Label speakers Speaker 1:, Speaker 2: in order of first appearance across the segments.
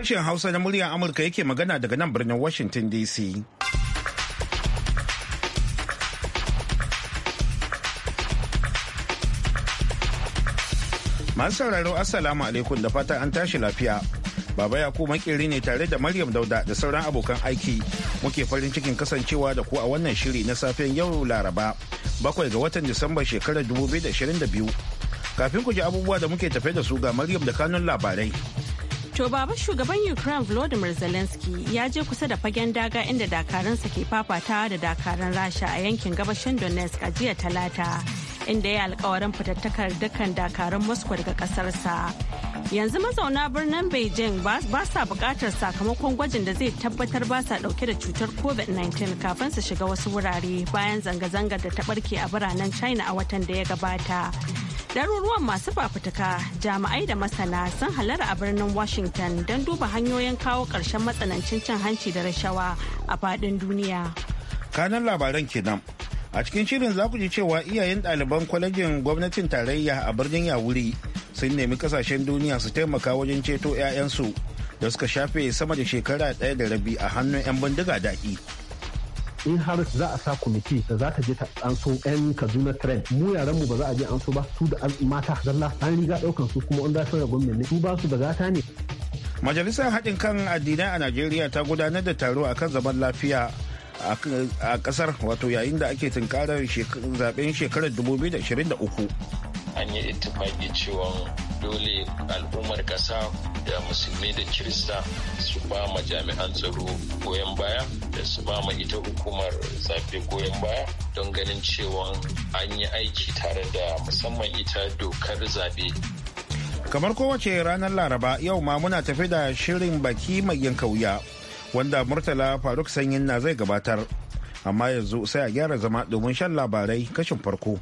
Speaker 1: Sashen Hausa na muryar Amurka yake magana daga nan birnin Washington DC. Masu sauraro Assalamu alaikum da fata an tashi lafiya. Baba Yakubu makeri ne tare da Maryam Dauda da sauran abokan aiki. Muke farin cikin kasancewa da ku a wannan shiri na safen yau Laraba, bakwai ga watan Disamba shekarar 2022. Kafin ku ji abubuwa da muke tafe da su ga Maryam da kanun labarai.
Speaker 2: To baba shugaban Ukraine Volodymyr Zelensky ya je kusa da fagen daga inda dakaransa ke fafatawa da dakaran Rasha a yankin gabashin Donetsk a jiya talata inda ya alkawarin fitattakar dukkan dakaran Moscow daga kasarsa. Yanzu mazauna birnin Beijing ba sa bukatar sakamakon gwajin da zai tabbatar ba sa dauke da cutar COVID-19 kafin su shiga wasu wurare bayan zanga-zangar da ta barke a biranen China a watan da ya gabata. Daruruwan masu fafutuka jami'ai da masana sun halara a birnin Washington don duba hanyoyin kawo ƙarshen matsanancin cin hanci da rashawa a faɗin duniya.
Speaker 1: Kanan labaran kenan. A cikin shirin za ku ji cewa iyayen ɗaliban kwalejin gwamnatin tarayya a birnin Yawuri sun nemi kasashen duniya su taimaka wajen ceto 'ya'yansu da suka shafe sama da shekara ɗaya da rabi a hannun 'yan bindiga daɗi.
Speaker 3: in har za a sa kwamiti da za ta je ta anso so 'yan kaduna trend mu yaran mu ba za a je an ba su da mata zalla an riga daukan su kuma an fara gwamnati su ba su da gata ne
Speaker 1: majalisar haɗin kan addinai a najeriya ta gudanar da taro akan zaman lafiya a kasar wato yayin da ake tunkarar zaben shekarar 2023
Speaker 4: an yi ittifaki cewa dole al'ummar ƙasa da musulmi da kirista su ba ma jami'an tsaro goyon baya da su ba ma ita hukumar zaɓe goyon baya don ganin cewa an yi aiki tare da musamman ita dokar zaɓe
Speaker 1: kamar kowace ranar laraba yau ma muna tafi da shirin baki mai yin kauya wanda murtala faruk sanyin na zai gabatar amma yanzu sai a gyara zama domin shan labarai kashin farko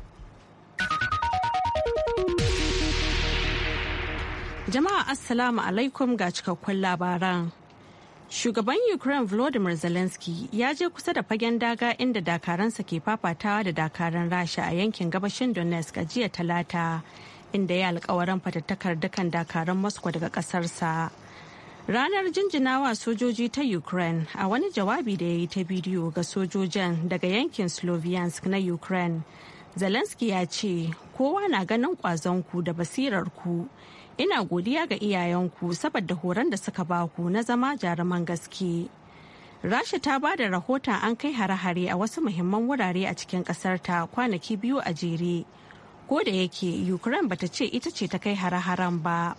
Speaker 2: Jama'a Assalamu alaikum ga cikakkun labaran. Shugaban Ukraine Volodymyr Zelensky ya je kusa da fagen daga inda dakaransa ke fafatawa da dakaran Rasha a yankin gabashin Donetsk a jiya talata inda ya alkawaran fatattakar dukan dakaran Moscow daga kasarsa. Ranar jinjinawa sojoji ta Ukraine a wani jawabi da ya yi ta bidiyo ga sojojin daga yankin Sloviansk na Ukraine. Zelensky ya ce, "Kowa na ganin ku da basirar ku ina godiya ga iyayenku saboda horon da suka ba ku na zama jaruman gaske rasha ta ba da rahoton an kai hare-hare a wasu muhimman wurare a cikin kasar kwanaki biyu a jere ko da yake ukraine bata ce ita ce ta kai hare-haren ba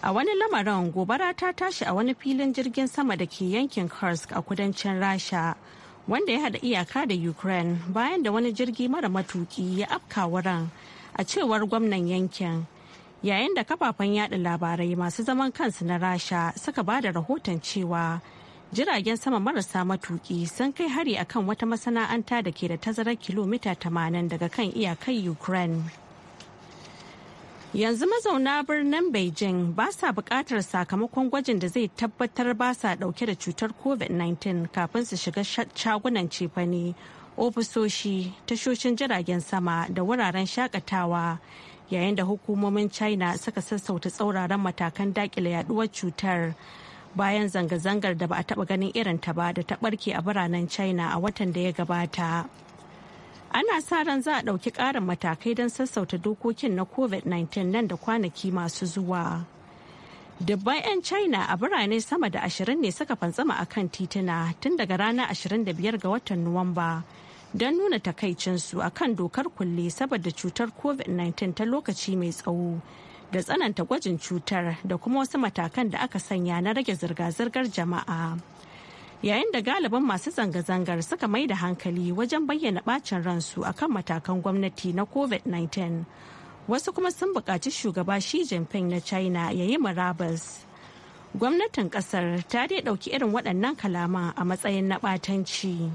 Speaker 2: a wani lamarin gobara ta tashi a wani filin jirgin sama da ke yankin kursk a kudancin rasha wanda ya hada iyaka da ukraine bayan da wani jirgi mara matuki ya afka wurin a cewar gwamnan yankin yayin da kafafen yada labarai masu zaman kansu na rasha suka ba da rahoton cewa jiragen sama marasa matuki sun kai hari akan wata masana'anta da ke da tazarar kilomita 80 daga kan iyakar ukraine yanzu mazauna birnin beijing ba sa bukatar sakamakon gwajin da zai tabbatar ba sa dauke da cutar covid-19 kafin su shiga shagunan cefane ofisoshi tashoshin jiragen sama da wuraren shakatawa yayin da hukumomin china suka sassauta tsauraran matakan dakile yaduwar cutar bayan zanga-zangar da ba a taba ganin irin ta ba da ta barke a biranen china a watan da ya gabata ana sa ran za a ɗauki ƙarin matakai don sassauta dokokin na covid-19 nan da kwanaki masu zuwa dubban 'yan china a birane sama da ashirin ne suka fantsama akan kan tituna tun daga ranar 25 ga watan nuwamba don nuna takaicinsu a kan dokar kulle saboda cutar covid-19 ta lokaci mai tsawo da tsananta gwajin cutar da kuma wasu matakan da aka sanya na rage zirga-zirgar jama'a yayin da galibin masu zanga-zangar suka mai da hankali wajen bayyana bacin ransu a kan matakan gwamnati na covid-19 wasu kuma sun buƙaci shugaba shi jinping na china ya yi marabas gwamnatin ƙasar ta dai ɗauki irin waɗannan kalama a matsayin na ɓatanci.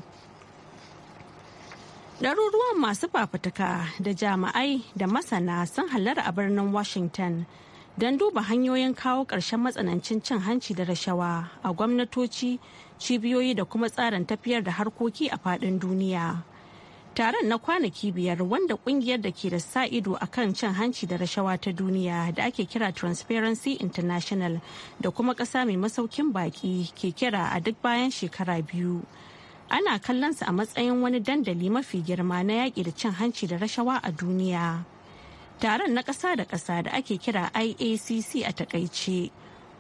Speaker 2: ɗaruruwan masu fafutuka da jami'ai da masana sun halar a birnin washington don duba hanyoyin kawo ƙarshen matsanancin cin hanci da rashawa a gwamnatoci cibiyoyi da kuma tsarin tafiyar da harkoki a faɗin duniya taron na kwanaki biyar wanda ƙungiyar da ke da sa ido a kan cin hanci da rashawa ta duniya da ake kira transparency international da kuma ƙasa mai masaukin baƙi ke kira a duk bayan shekara biyu. ana kallon sa a matsayin wani dandali mafi girma na yaƙi da cin hanci da rashawa a duniya. Taron na ƙasa da ƙasa da ake kira IACC a takaice,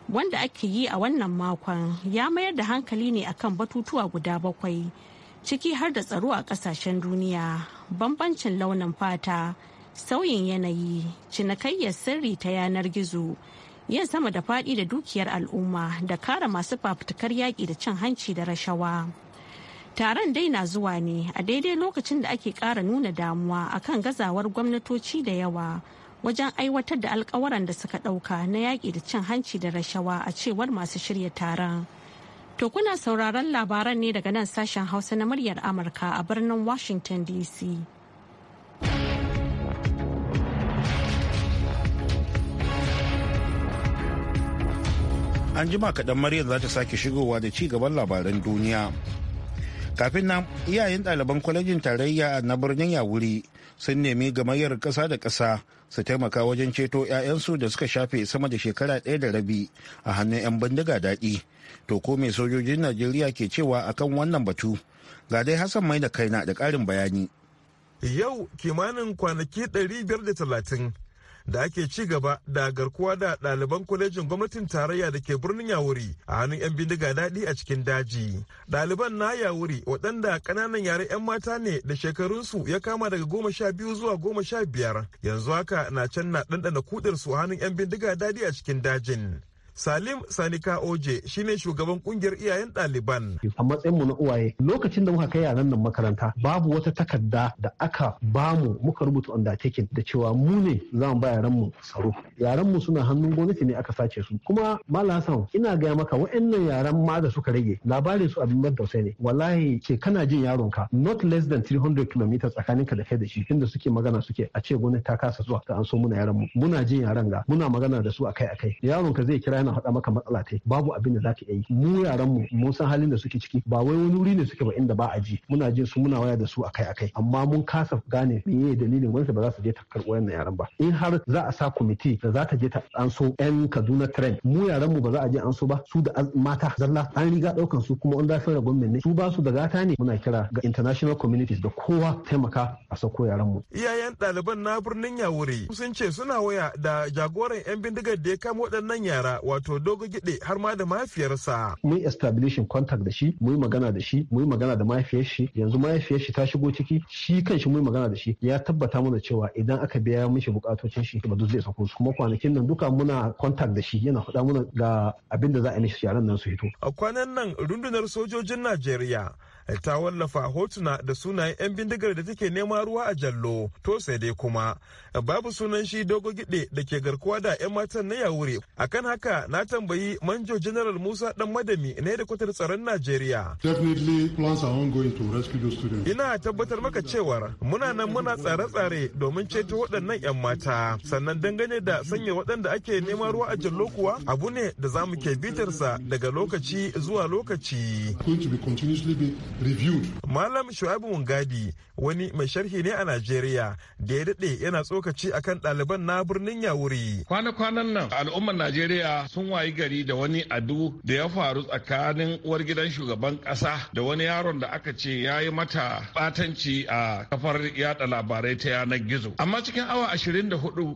Speaker 2: wanda ake yi a wannan makon ya mayar da hankali ne akan batutuwa guda bakwai, ciki har da tsaro a ƙasashen duniya, bambancin launin fata, sauyin yanayi, cinikayyar sirri ta yanar gizo. yin sama da faɗi da dukiyar al'umma da kare masu fafutukar yaƙi da cin hanci da rashawa. taron dai na zuwa ne a daidai lokacin da ake kara nuna damuwa akan gazawar gwamnatoci da yawa wajen aiwatar da alkawaran da suka dauka na yaƙi da cin hanci da rashawa a cewar masu shirya taron. To kuna sauraron labaran ne daga nan sashen Hausa na muryar Amurka a birnin Washington DC.
Speaker 1: An jima kaɗan Maryam za ta sake shigowa da ci gaban labaran duniya. kafin nan iyayen ɗaliban kwalejin tarayya na birnin yawuri sun nemi gamayyar ƙasa da ƙasa su taimaka wajen ceto 'ya'yansu da suka shafe sama da shekara ɗaya da rabi a hannun 'yan bindiga daɗi to ko mai sojojin najeriya ke cewa akan wannan
Speaker 5: batu ga dai hassan mai da kaina da ƙarin bayani yau kimanin kwanaki 530 da ake ci gaba da garkuwa da ɗaliban kwalejin gwamnatin tarayya da ke birnin yawuri a hannun 'yan bindiga daɗi a cikin daji ɗaliban na yawuri waɗanda ƙananan yare 'yan mata ne da shekarunsu ya kama daga goma sha biyu zuwa goma sha biyar yanzu haka na can na ɗanɗana kuɗinsu a hannun 'yan bindiga daɗi a cikin dajin Salim Sanika Oje ne shugaban kungiyar iyayen ɗaliban. A mu na uwaye
Speaker 3: lokacin da muka kai yaran nan makaranta babu wata takarda da aka bamu muka rubuta undertaking da cewa mu ne za mu ba yaranmu tsaro. Yaranmu suna hannun gwamnati ne aka sace su. Kuma Malam Hassan ina gaya maka wa'annan yaran ma da suka rage labarin su abin ban tausayi ne. Wallahi ke kana jin ka. not less than 300 km tsakaninka da kai da shi inda suke magana suke a ce gwamnati ta kasa zuwa ta an so muna mu. Muna jin yaran ga muna magana da su akai-akai. Yaronka zai kira tana faɗa maka matsala ta babu abin da zaka yi mu yaran mu mun san halin da suke ciki ba wai wani wuri ne suke ba inda ba a ji muna jin su muna waya da su akai akai amma mun kasa gane meye dalilin wanda ba za su je ta karɓo wannan yaran ba in har za a sa kwamiti da za ta je ta an so yan Kaduna trend mu yaran mu ba za a je an so ba su da mata zalla an riga daukan su kuma an da fara gwamnati ne su ba su da gata ne muna kira ga international communities da kowa taimaka a sako yaran mu
Speaker 5: iyayen ɗaliban na birnin Yawuri sun ce suna waya da jagoran yan bindigar da ya kama waɗannan yara wato dogo gide har ma da mahaifiyarsa.
Speaker 3: Mun establishing contact da shi, mun magana da shi, mun magana da mahaifiyar shi, yanzu mahaifiyar shi ta shigo ciki, shi kanshi mun magana da shi, ya tabbata mana cewa idan aka biya mishi bukatocin shi ba zai sako su kuma kwanakin nan duka muna contact da shi yana faɗa mana ga abin da za a yi mishi yaran nan su hito.
Speaker 5: A kwanan nan rundunar sojojin Najeriya Eh, ta wallafa hotuna da sunayen 'yan bindigar da take nema ruwa a jallo to sai dai kuma eh, babu sunan shi dogo gide da ke garkuwa da 'yan matan na yawure kan haka na tambayi manjo general musa dan madami na kwatar tsaron najeriya ina tabbatar maka cewar muna nan muna tsare-tsare domin ceto waɗannan 'yan mata sannan dangane da sanya waɗanda ake neman ruwa a jallo kuwa abu ne da zamu mu ke bitarsa daga lokaci zuwa lokaci reviewed. Malam Shu'aibu Mungadi wani mai sharhi ne a Najeriya da ya daɗe yana tsokaci akan ɗaliban na birnin Yawuri. Kwana-kwanan nan al'ummar Najeriya sun wayi gari da wani adu da ya faru tsakanin uwar gidan shugaban ƙasa da wani yaron da aka ce ya yi mata ɓatanci a kafar yada labarai ta yanar gizo. Amma cikin awa ashirin da hudu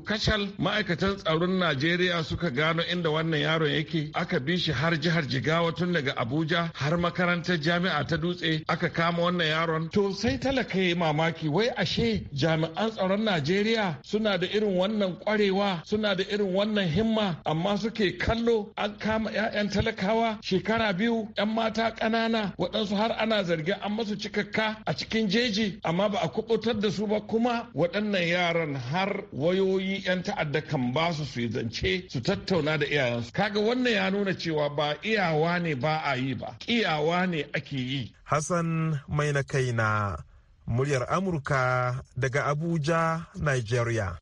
Speaker 5: ma'aikatan tsaron Najeriya suka gano inda wannan yaron yake aka bi shi har jihar Jigawa tun daga Abuja har makarantar jami'a ta dutse aka kama wannan yaron to sai talaka ya mamaki wai ashe jami'an tsaron najeriya suna da irin wannan kwarewa suna da irin wannan himma amma suke kallo an kama 'ya'yan talakawa shekara biyu 'yan mata ƙanana waɗansu har ana zargin an masu cikakka a cikin jeji amma ba a kubutar da su ba kuma waɗannan yaran har wayoyi 'yan ta'adda kan ba su su zance su tattauna da iyayensu kaga wannan ya nuna cewa ba iyawa ne ba a yi ba iyawa ne ake yi Hassan mai na na muryar Amurka daga Abuja, Nigeria.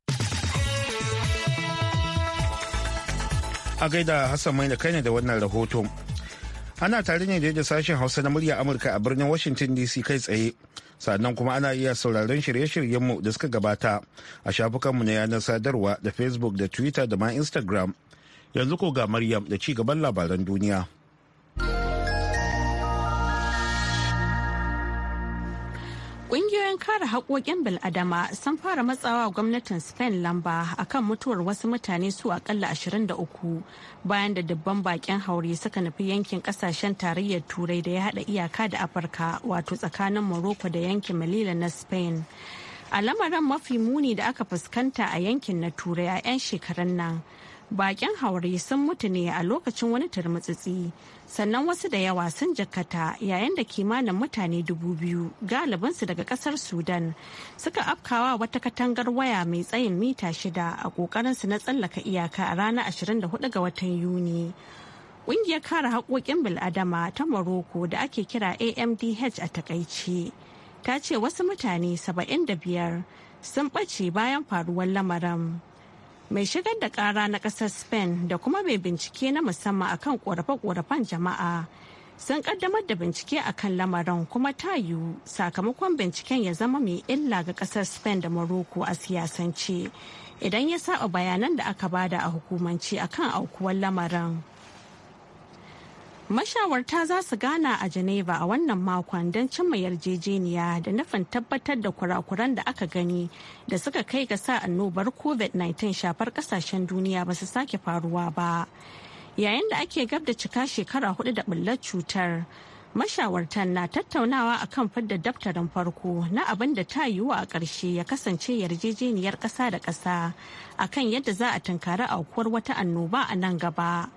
Speaker 5: A gaida
Speaker 1: Hassan mai na kaina da wannan rahoto. Ana tare ne da sashen Hausa na muryar Amurka a birnin Washington DC kai tsaye. sannan kuma ana iya sauraron shirye-shiryenmu da suka gabata a shafukanmu na yanar sadarwa da facebook da twitter da ma instagram yanzu ko ga maryam da ci gaban labaran duniya.
Speaker 2: Ƙungiyoyin kare haƙoƙin bil'adama sun fara matsawa gwamnatin Spain lamba akan mutuwar wasu mutane su akalla 23 bayan da dubban bakin haure suka nufi yankin ƙasashen tarayyar Turai da ya haɗa iyaka da Afirka wato tsakanin Morocco da yankin malila na Spain. A lamarin mafi muni da aka fuskanta a yankin na Turai a 'yan shekarun nan. bakin haure sun mutu ne a lokacin wani turmutsitsi sannan wasu da yawa sun jakata yayin da kimanin mutane dubu biyu galibinsu daga kasar sudan suka afkawa wata katangar waya mai tsayin mita shida a kokarinsu na tsallaka iyaka a ranar 24 ga watan yuni ƙungiyar kare haƙoƙin bil'adama ta morocco da ake kira amdh a takaice ta ce wasu mutane 75 sun ɓace bayan faruwar lamarin. mai shigar da kara na kasar spain da kuma mai bincike na musamman akan korafe-korafen jama'a sun kaddamar da bincike akan lamarin kuma ta yiwu sakamakon binciken ya zama mai illa ga kasar spain da morocco a siyasance idan ya saba bayanan da aka bada a hukumance akan aukuwar lamarin. Mashawarta za su gana a Geneva a wannan makon don cimma yarjejeniya da nufin tabbatar da kurakuran da aka gani da suka kai ga sa annobar COVID-19 shafar kasashen duniya ba su sake faruwa ba. Yayin da ake gab da cika shekara hudu da bullar cutar, mashawartan na tattaunawa a kan fidda daftarin farko na abin da ta yiwu a ƙarshe ya kasance yarjejeniyar ƙasa da ƙasa akan yadda za a tunkari aukuwar wata annoba a nan gaba.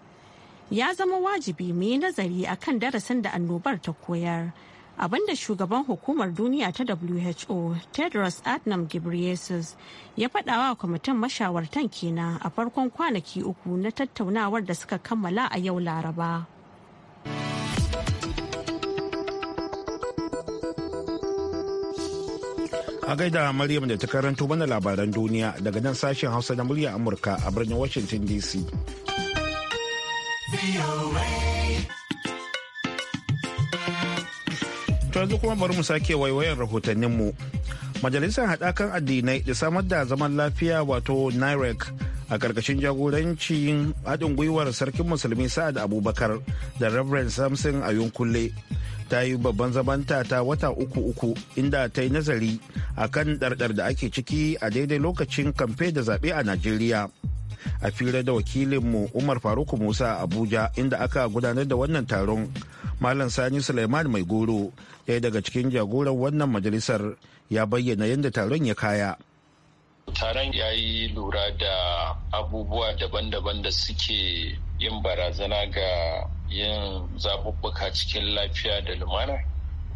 Speaker 2: ya zama wajibi mu yi nazari kan darasin da annobar ta koyar abinda shugaban hukumar duniya ta who tedros adnam ghebreyesus ya faɗawa kwamitin mashawartan kenan a farkon kwanaki uku na tattaunawar da suka kammala a yau laraba
Speaker 1: a gaida maryam da ta karanto mana labaran duniya daga nan sashen hausa na murya amurka a birnin washington dc To kuma bari mu sake waiwayan rahotanninmu. Majalisar haɗakan addinai da samar da zaman lafiya wato NIREC a ƙarƙashin jagorancin haɗin gwiwar sarkin musulmi sa'ad abubakar da reverend samson ayunkulle ta yi babban zamanta ta wata uku uku inda ta yi nazari akan ɗarɗar da ake ciki a daidai lokacin kamfe da zaɓe a najeriya. a fira da wakilinmu umar faruk musa abuja inda aka gudanar da wannan taron malam sani suleiman mai goro ɗaya daga cikin jagoran wannan majalisar ya bayyana yadda taron ya kaya
Speaker 4: taron ya yi lura da abubuwa daban-daban da suke yin barazana ga yin zaɓuɓɓuka cikin lafiya da lumana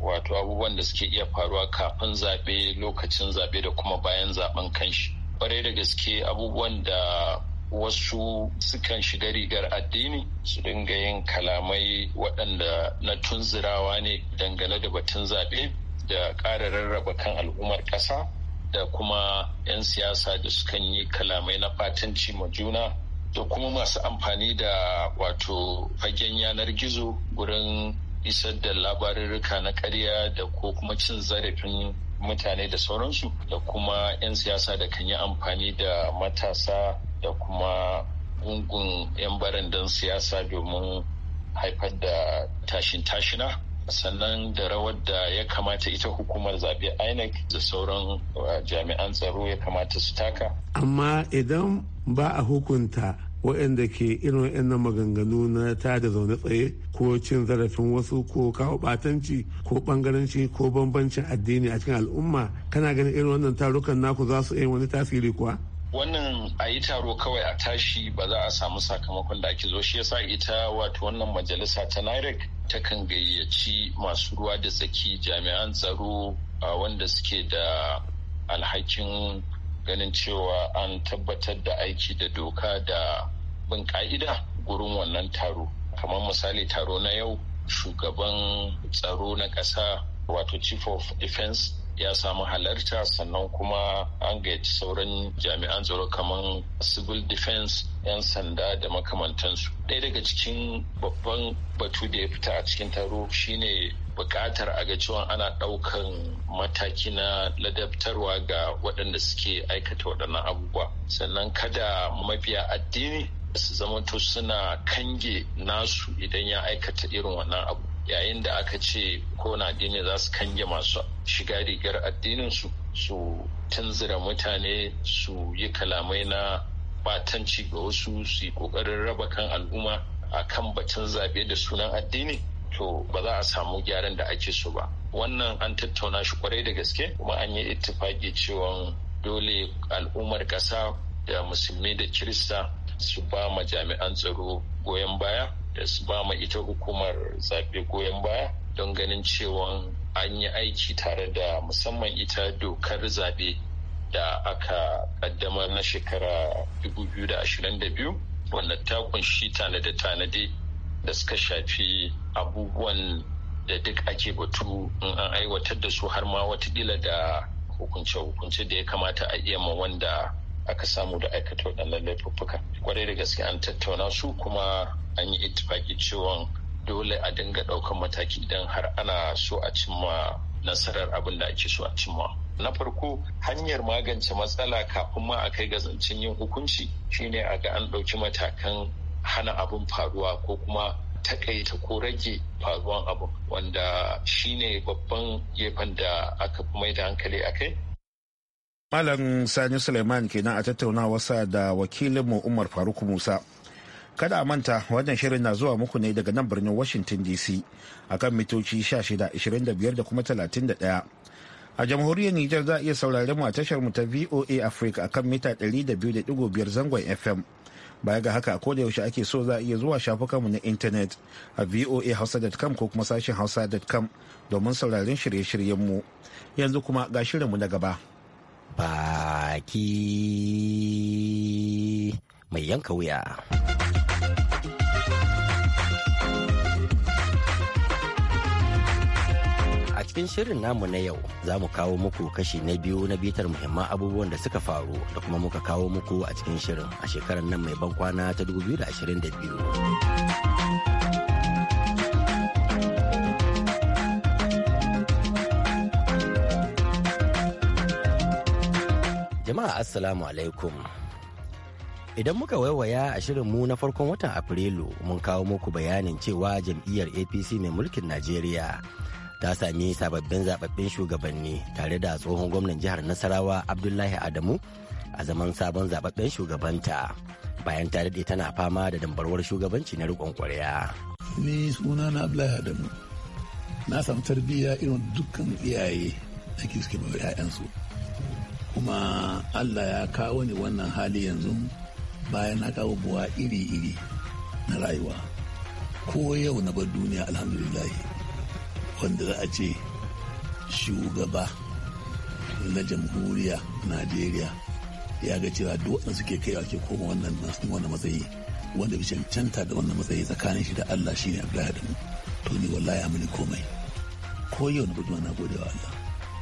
Speaker 4: wato abubuwan da suke iya faruwa kafin zaɓe lokacin zaɓe da kuma bayan zaɓen kanshi kwarai da gaske abubuwan da wasu sukan shiga rigar addini su dinga yin kalamai waɗanda na tunzirawa ne dangane da batun zaɓe da ƙara rarraba kan al'ummar ƙasa da kuma 'yan siyasa da sukan yi kalamai na fatanci ma juna da kuma masu amfani da wato fagen yanar gizo gurin isar da labarurruka na karya da ko kuma cin zarafin mutane da sauransu da kuma 'yan siyasa da kan yi amfani da matasa da kuma gungun 'yan barandan siyasa domin haifar da tashin tashina sannan da rawar da ya kamata ita hukumar zaɓe inec da sauran uh, jami'an tsaro ya kamata su taka
Speaker 1: amma idan ba a hukunta waɗanda ke irin waɗannan maganganu na ta da zaune tsaye ko cin zarafin wasu ko kawo batanci ko bangaranci ko bambancin addini a cikin al'umma kana ganin irin wannan tarukan naku za su yi wani tasiri kuwa
Speaker 4: wannan a yi taro kawai a tashi ba za a samu sakamakon da ake zo shi yasa ita wato wannan majalisa ta nairek ta kan gayyaci masu ruwa da tsaki jami'an tsaro wanda suke da alhakin ganin cewa an tabbatar da aiki da doka da bin ka'ida gurin wannan taro kamar misali taro na yau shugaban tsaro na ƙasa wato chief of defense ya samu halarta sannan kuma an gayyaci sauran jami'an tsaro kamar civil defense 'yan sanda da makamantansu ɗaya daga cikin babban batu da ya fita a cikin taro shine bukatar a ga cewa ana ɗaukan mataki na ladabtarwa ga waɗanda suke aikata waɗannan abubuwa sannan kada mabiya addini su zamanto suna kange nasu idan ya aikata irin wannan abu yayin da aka ce ko na addini za su kange masu shiga rigar addinin su su tunzura mutane su yi kalamai na batanci ga wasu su yi kokarin raba kan al'umma a kan batun zaɓe da sunan addini to ba za a samu gyaran da ake so ba wannan an tattauna shi kwarai da gaske kuma an yi ittifaki cewa dole al'ummar ƙasa da musulmi da kirista su ba ma jami'an tsaro goyon baya da su ba ma ita hukumar zaɓe goyon baya don ganin cewa an yi aiki tare da musamman ita dokar zaɓe da aka ƙaddamar na shekara 2022 wanda ta kunshi tanade-tanade da suka shafi abubuwan da duk ake batu in an aiwatar da su har ma wata watakila da hukunce-hukunce da ya kamata a iya ma wanda aka samu da aikata waɗannan laifuffuka. kwarai da gaske an tattauna su kuma an yi itifaki cewa dole a dinga ɗaukan mataki idan har ana so a cimma nasarar abin da ake so a cimma. Na farko hanyar magance matsala kafin ma a kai ga zancen yin hukunci shine a ga an ɗauki matakan hana abin faruwa ko kuma takaita ko rage faruwan abu wanda shine babban gefen da aka fi mai da hankali a kai
Speaker 1: Malam Sani Suleiman kenan a tattaunawarsa da wakilinmu Umar Faruk Musa. Kada a manta wannan shirin na zuwa muku ne daga nan birnin Washington DC a kan mitoci 16, 25 da kuma 31. a jamhuriyar Nijar za a iya saurari mu a tashar mu ta VOA Africa a kan mita 200.5 zangon FM. Baya ga haka ko da yaushe ake so za a iya zuwa shafukanmu na intanet a voahausa.com ko kuma sashin hausa.com domin sauraron shirye shiryenmu Yanzu kuma ga shirinmu na gaba.
Speaker 6: baki mai yanka wuya. A cikin shirin namu na yau za mu kawo muku kashi na biyu na bitar muhimman abubuwan da suka faru da kuma muka kawo muku a cikin shirin a shekarar nan mai ban kwana ta 2022. Jama'a Assalamu alaikum. Idan muka waiwaya a mu na farkon watan Afrilu mun kawo muku bayanin cewa jam'iyyar APC mai mulkin Najeriya ta sami sababbin zababbin shugabanni tare da tsohon gwamnan jihar Nasarawa Abdullahi Adamu a zaman sabon zababben shugabanta bayan ta daɗe tana fama da dambarwar shugabanci na riƙon ƙwarya.
Speaker 7: Ni suna na Abdullahi Adamu na samu tarbiyya irin dukkan iyaye da ke suke bawa 'ya'yansu kuma allah ya kawo ni wannan hali yanzu bayan haka abubuwa iri-iri na rayuwa ko yau na bar duniya alhamdulillah wanda za a ce shugaba na jamhuriya najeriya ya ga cewa duk waɗanda suke kai ke koma wannan wannan matsayi wanda bi cancanta da wannan matsayi tsakanin shi da allah shine abdullahi adamu to ni wallahi mini komai ko yau na bar duniya na gode wa allah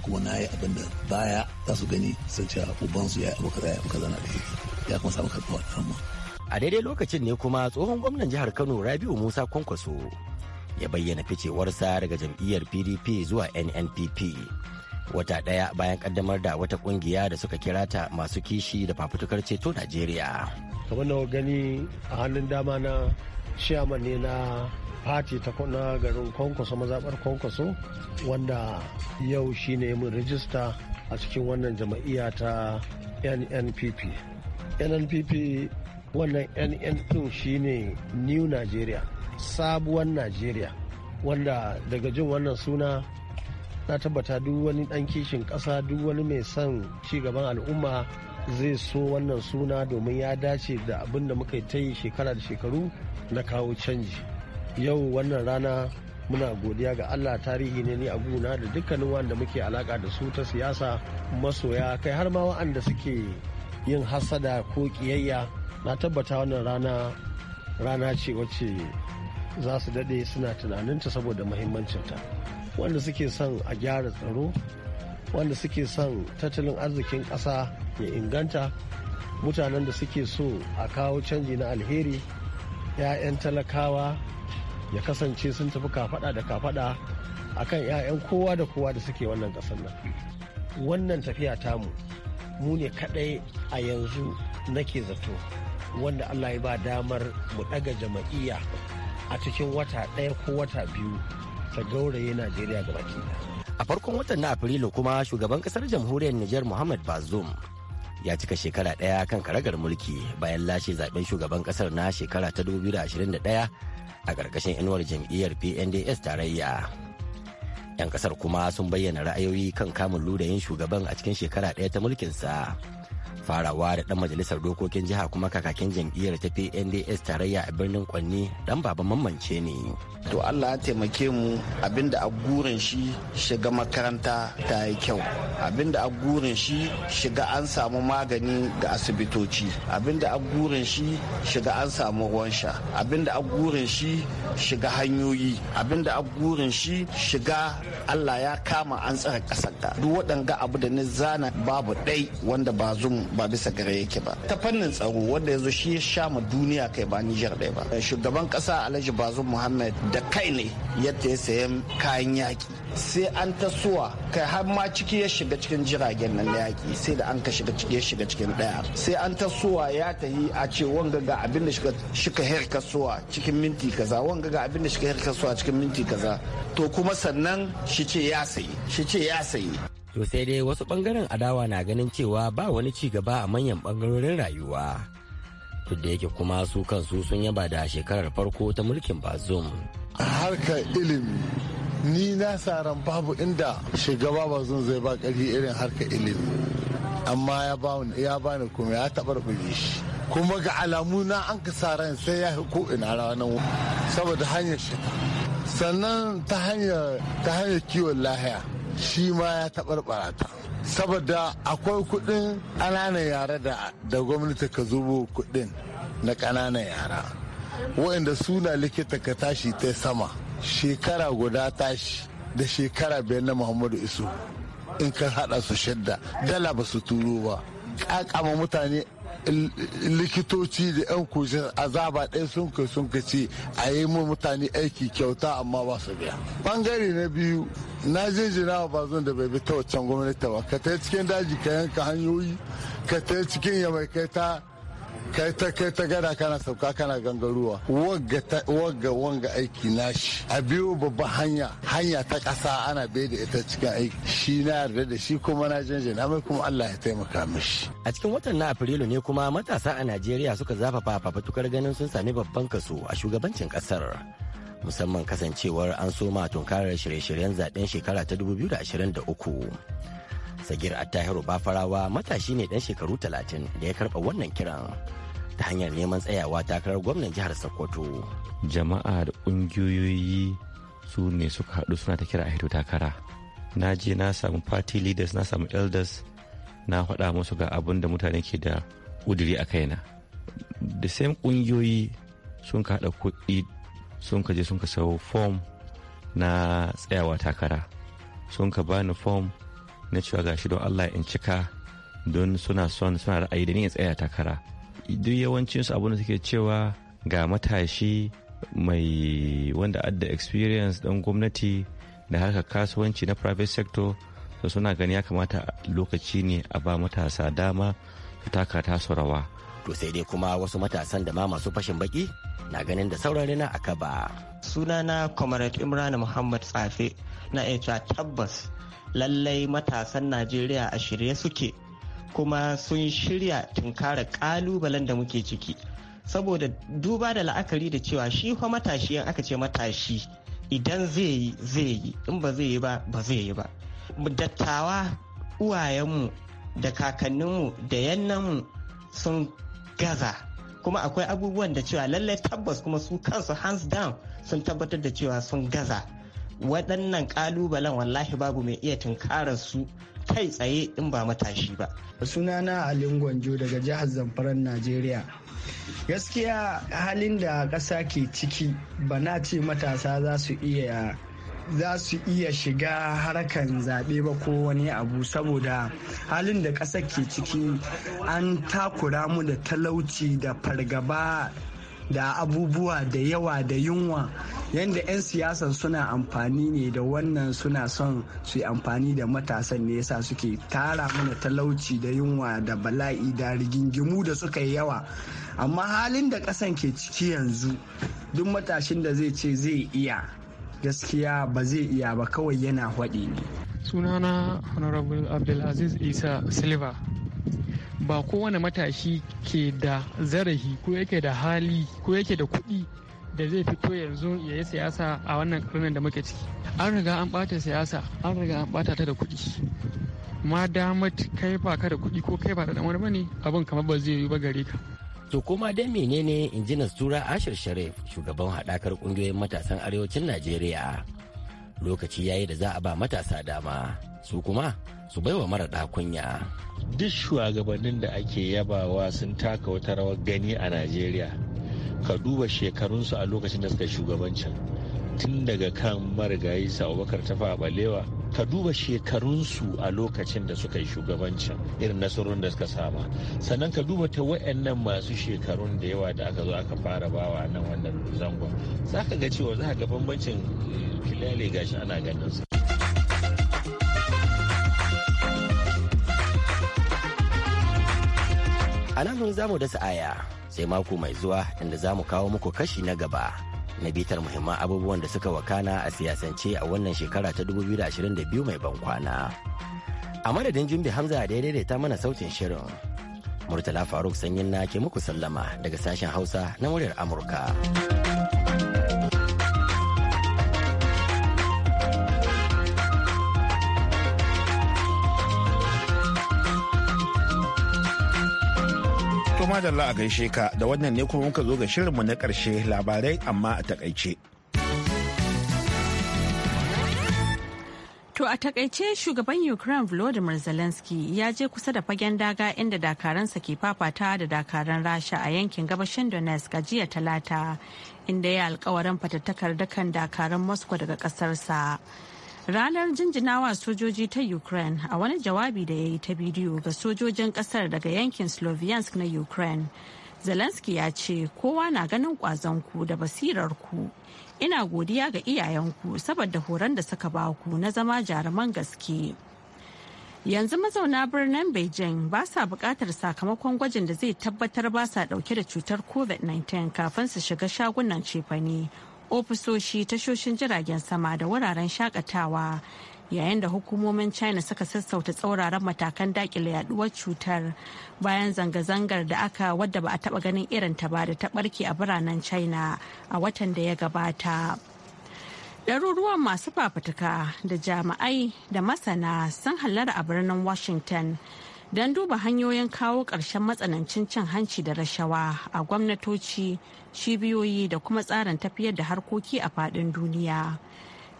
Speaker 7: kuma na yi abin baya za su gani sun ce ubansu ya yi abu kaza ya abu kaza da ya kuma samu karɓuwa a daidai lokacin ne kuma tsohon gwamnan jihar
Speaker 6: kano rabiu musa kwankwaso ya bayyana ficewarsa daga jam'iyyar pdp zuwa nnpp wata ɗaya bayan kaddamar da wata ƙungiya da suka kira ta masu kishi da fafutukar ceto najeriya
Speaker 7: kamar na gani a hannun dama na shaman ne na fati ta na garin kwankwaso mazaɓar kwankwaso wanda yau shi ne mun rijista a cikin wannan jama'iyya ta nnpp nnpp wannan nnp shi ne new nigeria sabuwan nigeria wanda daga jin wannan suna na tabbata duk wani dan kishin kasa duk wani mai son gaban al'umma zai so wannan suna domin ya dace da abin da muka yi ta yi shekara da shekaru na kawo canji yau wannan rana muna godiya ga allah tarihi ne ni a guna da dukkanin wanda muke alaka da su ta siyasa masoya kai har ma wa'anda suke yin hasada ko kiyayya na tabbata wannan rana rana ce wacce za su daɗe suna tunaninta saboda muhimmancinta wanda suke son a gyara tsaro wanda suke son tattalin arzikin ƙasa ya inganta mutanen da suke so a kawo canji na alheri 'ya'yan talakawa ya kasance sun tafi kafada da kafada kan 'ya'yan kowa da kowa da suke wannan ƙasar nan wannan tafiya tamu mu ne kaɗai a yanzu nake zato wanda allah ya ba damar mu ɗaga jama'iyya a cikin wata ɗaya ko wata biyu ta gauraye najeriya ga baki
Speaker 6: a farkon watan na afrilu kuma shugaban kasar jamhuriyar niger muhammad bazoum ya cika shekara ɗaya kan karagar mulki bayan lashe zaben shugaban kasar na shekara ta 2021 a ƙarƙashin inuwar jam'iyyar pnds tarayya yan ƙasar kuma sun bayyana ra'ayoyi kan kamun ludayin shugaban a cikin shekara ɗaya ta mulkinsa farawa da ɗan majalisar dokokin jiha kuma kakakin jam'iyyar ta PNDS tarayya a birnin Kwanni dan baba mamance ne to Allah ya taimake mu abinda a gurin shi shiga makaranta ta yi kyau abinda a gurin shi shiga an samu magani
Speaker 1: ga asibitoci abinda a gurin shi shiga an samu ruwan sha abinda a gurin shi shiga hanyoyi abinda a gurin shi shiga Allah ya kama an tsara ƙasar duk waɗanga abu da ni zana babu ɗai wanda ba zum ba bisa gare yake ba ta fannin tsaro wanda yanzu shi ya sha ma duniya kai ba Nijar dai ba eh, shugaban kasa Alhaji Bazoum Muhammad da kai ne yadda ya sayan kayan yaƙi sai an tasowa kai har ma ciki ya shiga cikin jiragen nan na yaƙi sai da an ka shiga ciki ya shiga cikin ɗaya sai an tasowa ya tahi a ce wanga ga abin da shika suwa cikin minti kaza wanga ga abin da herka suwa cikin minti kaza to kuma sannan shi ce ya sayi
Speaker 6: shi ce ya sayi to sai dai wasu bangaren adawa na ganin cewa ba wani ci gaba a manyan bangarorin rayuwa duk da yake kuma su kansu sun yaba da shekarar farko ta mulkin bazum
Speaker 8: a harkar ilimi ni na saran babu inda shugaba bazum zai ba ƙarfi irin harkar ilimi amma ya bani kuma ya taɓarɓare shi kuma ga alamu na an ka saran sai ya ko ina ranar saboda hanyar shi sannan ta hanyar kiwon lahiya shi ma ya taɓarɓara ta saboda akwai kuɗin ƙananan yara da gwamnati ka zubo kuɗin na ƙananan yara waɗanda suna likita ka tashi ta sama shekara guda tashi da shekara biyar na muhammadu isu in ka haɗa su shidda dala ba su turo ba kakama mutane likitoci da 'yan kushin azaba ɗaya sun ka sun ka ce a yi mu mutane aiki kyauta amma ba su biya bangare na biyu na jinjina ba zon da bai bi ta waccan gwamnati ba ka ta cikin daji ka yanka hanyoyi ka ta cikin yamaikai ta kai ta kai ta gada kana sauka kana gangaruwa wagga wagga wanga aiki nashi a biyu babban hanya hanya ta ƙasa ana bai da ita cikin aiki shi na yarda da shi kuma na janjana mai kuma Allah ya taimaka mishi a cikin watan
Speaker 6: na afrilu ne kuma matasa a Najeriya suka zafafa fafatukar ganin sun sami babban kaso a shugabancin kasar musamman kasancewar an soma tunkarar shirye-shiryen zaben shekara ta 2023 sagir attahiru bafarawa matashi ne dan shekaru talatin da ya karba wannan kiran ta hanyar neman tsayawa takarar gwamnan jihar sokoto jama'a da ƙungiyoyi su ne suka haɗu suna ta kira a hito takara na je na samu party leaders na samu elders na faɗa musu ga abin da mutane ke da ƙudiri a kaina da same ƙungiyoyi sun ka haɗa kuɗi sun ka je sun ka sayo fom na tsayawa takara sun ka bani fom na cewa shi don Allah in cika don suna son suna ra'ayi da ni in tsaya takara duk yawancin su abin da suke cewa ga matashi mai wanda adda experience don gwamnati da harkar kasuwanci na private sector da suna gani ya kamata lokaci ne a ba matasa dama su taka tasu rawa to sai dai kuma wasu matasan da ma masu fashin baki na ganin da sauran na aka ba sunana comrade imran muhammad tsafe na iya cewa tabbas lallai matasan najeriya a shirye suke kuma sun shirya tunkara kalubalen da muke ciki saboda duba da la'akari da cewa shi fa matashi yan aka ce matashi idan zai yi zai yi in ba zai yi ba ba zai yi ba dattawa uwayenmu da kakanninmu da yannanmu sun gaza kuma akwai abubuwan da cewa lallai tabbas kuma su kansu hands down sun tabbatar da cewa sun gaza waɗannan ƙalubalen wallahi babu mai iya tunkarar su kai tsaye in ba matashi ba. Sunana Alin Gwanjo daga jihar Zamfaran Najeriya. Gaskiya halin da ƙasa ke ciki ba na ce matasa za su iya za su iya shiga harkan zaɓe ba ko wani abu saboda halin da ƙasa ke ciki an takura mu da talauci da fargaba da abubuwa da yawa da yunwa yadda 'yan siyasan suna amfani ne da wannan suna son su yi amfani da matasan ne yasa suke tara mana talauci da yunwa da bala'i da rigingimu da suka yi yawa amma halin da kasan ke ciki yanzu duk matashin da zai ce zai iya gaskiya ba zai iya ba kawai yana haɗi ne sunana honorable abdulaziz isa silva ba kowane matashi ke da zarafi ko yake da hali ko yake da kuɗi da zai fito yanzu ya yi siyasa a wannan karnin da muke ciki an riga an ɓata siyasa an riga an ɓata ta da kuɗi ma damat kai ba ka da kuɗi ko kai ba da wani bane abin kamar ba zai yi ba gare ka to kuma dai menene injinas tura ashir sharif shugaban haɗakar ƙungiyoyin matasan arewacin najeriya lokaci yayi da za a ba matasa dama su kuma su baiwa mara kunya. duk shugabannin da ake yabawa sun taka wata rawar gani a najeriya ka duba shekarunsu a lokacin da
Speaker 4: suka shugabancin tun daga kan marigayi ta tafa balewa ka duba shekarunsu a lokacin da suka yi shugabancin irin nasarorin da suka sama sannan ka duba ta wayannan masu shekarun da yawa da aka zo aka fara bawa nan wannan zangon za ka ga cewa za ka ga bambancin eh, filale gashi ana ganin su
Speaker 6: a nan za mu dasa aya sai mako mai zuwa inda zamu kawo muku kashi na gaba na bitar muhimman abubuwan da suka wakana a siyasance a wannan shekara ta 2022 mai bankwana. A madadin Jumbi Hamza da ya daidaita mana sautin shirin. Murtala Faruk Sanyin na ke muku sallama daga sashen Hausa na muryar Amurka.
Speaker 1: kuma da la'a gaishe ka da wannan ne kuma muka zo ga shirinmu na ƙarshe labarai amma a
Speaker 6: takaice.
Speaker 2: To a takaice shugaban Ukraine Volodymyr Zelensky ya je kusa da fagen daga inda dakaransa ke fafata da dakaran Rasha a yankin gabashin Donetsk a jiya talata inda ya alkawarin fatattakar dakan dakaran Moscow daga kasarsa. ranar jinjinawa sojoji ta ukraine a wani jawabi da ya yi ta bidiyo ga sojojin kasar daga yankin sloviansk na ukraine zelensky ya ce kowa na ganin ku da basirarku ina godiya ga iyayenku saboda horon da suka baku na zama jaruman gaske yanzu mazauna birnin beijing ba sa bukatar sakamakon gwajin da zai tabbatar ba sa dauke da cutar covid-19 kafin su shiga shagunan cefane ofisoshi tashoshin jiragen sama da wuraren shakatawa yayin da hukumomin china suka sassauta tsauraran matakan dakile yaduwar cutar bayan zanga-zangar da aka wadda ba a taba ganin irin ta ba da ta barke a biranen china a watan da ya gabata ɗaruruwan masu fafutuka da jami'ai da masana sun hallara a birnin washington don duba hanyoyin kawo ƙarshen matsanancin cin hanci da rashawa a gwamnatoci cibiyoyi da kuma tsarin tafiyar da harkoki a faɗin duniya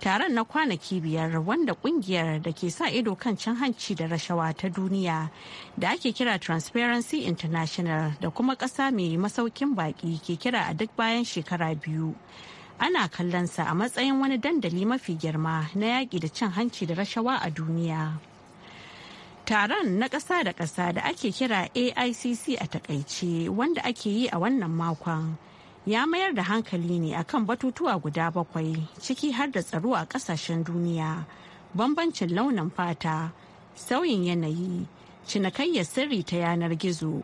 Speaker 2: taron na kwanaki biyar wanda kungiyar da ke sa ido kan cin hanci da rashawa ta duniya da ake kira transparency international da kuma ƙasa mai masaukin baƙi ke kira a duk bayan shekara biyu ana kallonsa a matsayin wani dandali mafi girma na yaƙi da cin hanci da rashawa a duniya. Taron na ƙasa da ƙasa da ake kira AICC a takaice wanda ake yi a wannan makon ya mayar da hankali ne akan batutuwa guda bakwai ciki har da tsaro a ƙasashen duniya, bambancin launin fata, sauyin yanayi, cinikayyar sirri ta yanar gizo,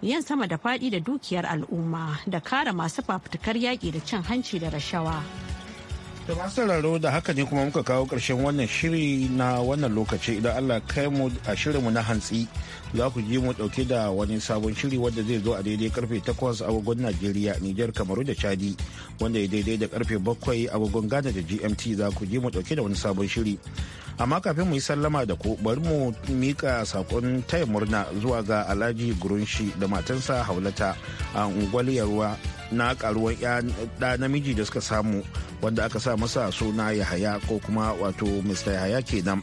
Speaker 2: yin sama da faɗi da dukiyar al'umma da kare masu fafutukar yaƙi da cin hanci da rashawa.
Speaker 1: da masu da haka ne kuma muka kawo ƙarshen wannan shiri na wannan lokaci idan allah kai mu a shirinmu na hantsi za ku ji mu dauke da wani sabon shiri wanda zai zo a daidai karfe 8 agogon Najeriya, Nijar, Kamaru da Chadi wanda ya daidai da karfe 7 agogon Ghana da GMT za ku ji mu dauke da wani sabon shiri. Amma kafin mu yi sallama da ku bari mu mika sakon taya murna zuwa ga Alhaji Gurunshi da matansa Haulata a unguwar na karuwan da namiji da suka samu wanda aka sa masa suna Yahaya ko kuma wato Mr. Yahaya kenan.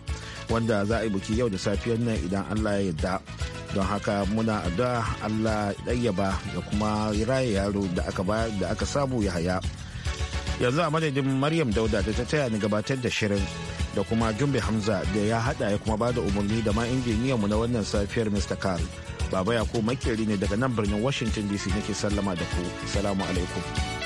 Speaker 1: wanda za a yi buki yau da safiyar nan idan allah ya yarda don haka muna addu'a allah ɗayyaba da kuma raye yaro da aka da aka samu ya haya yanzu a madadin maryam dauda da ta taya ni gabatar da shirin da kuma jumbe hamza da ya hada ya kuma bada umarni da ma injiniyan mu na wannan safiyar mr carl baba yakubu makeri ne daga nan birnin washington dc nake sallama da ku assalamu alaikum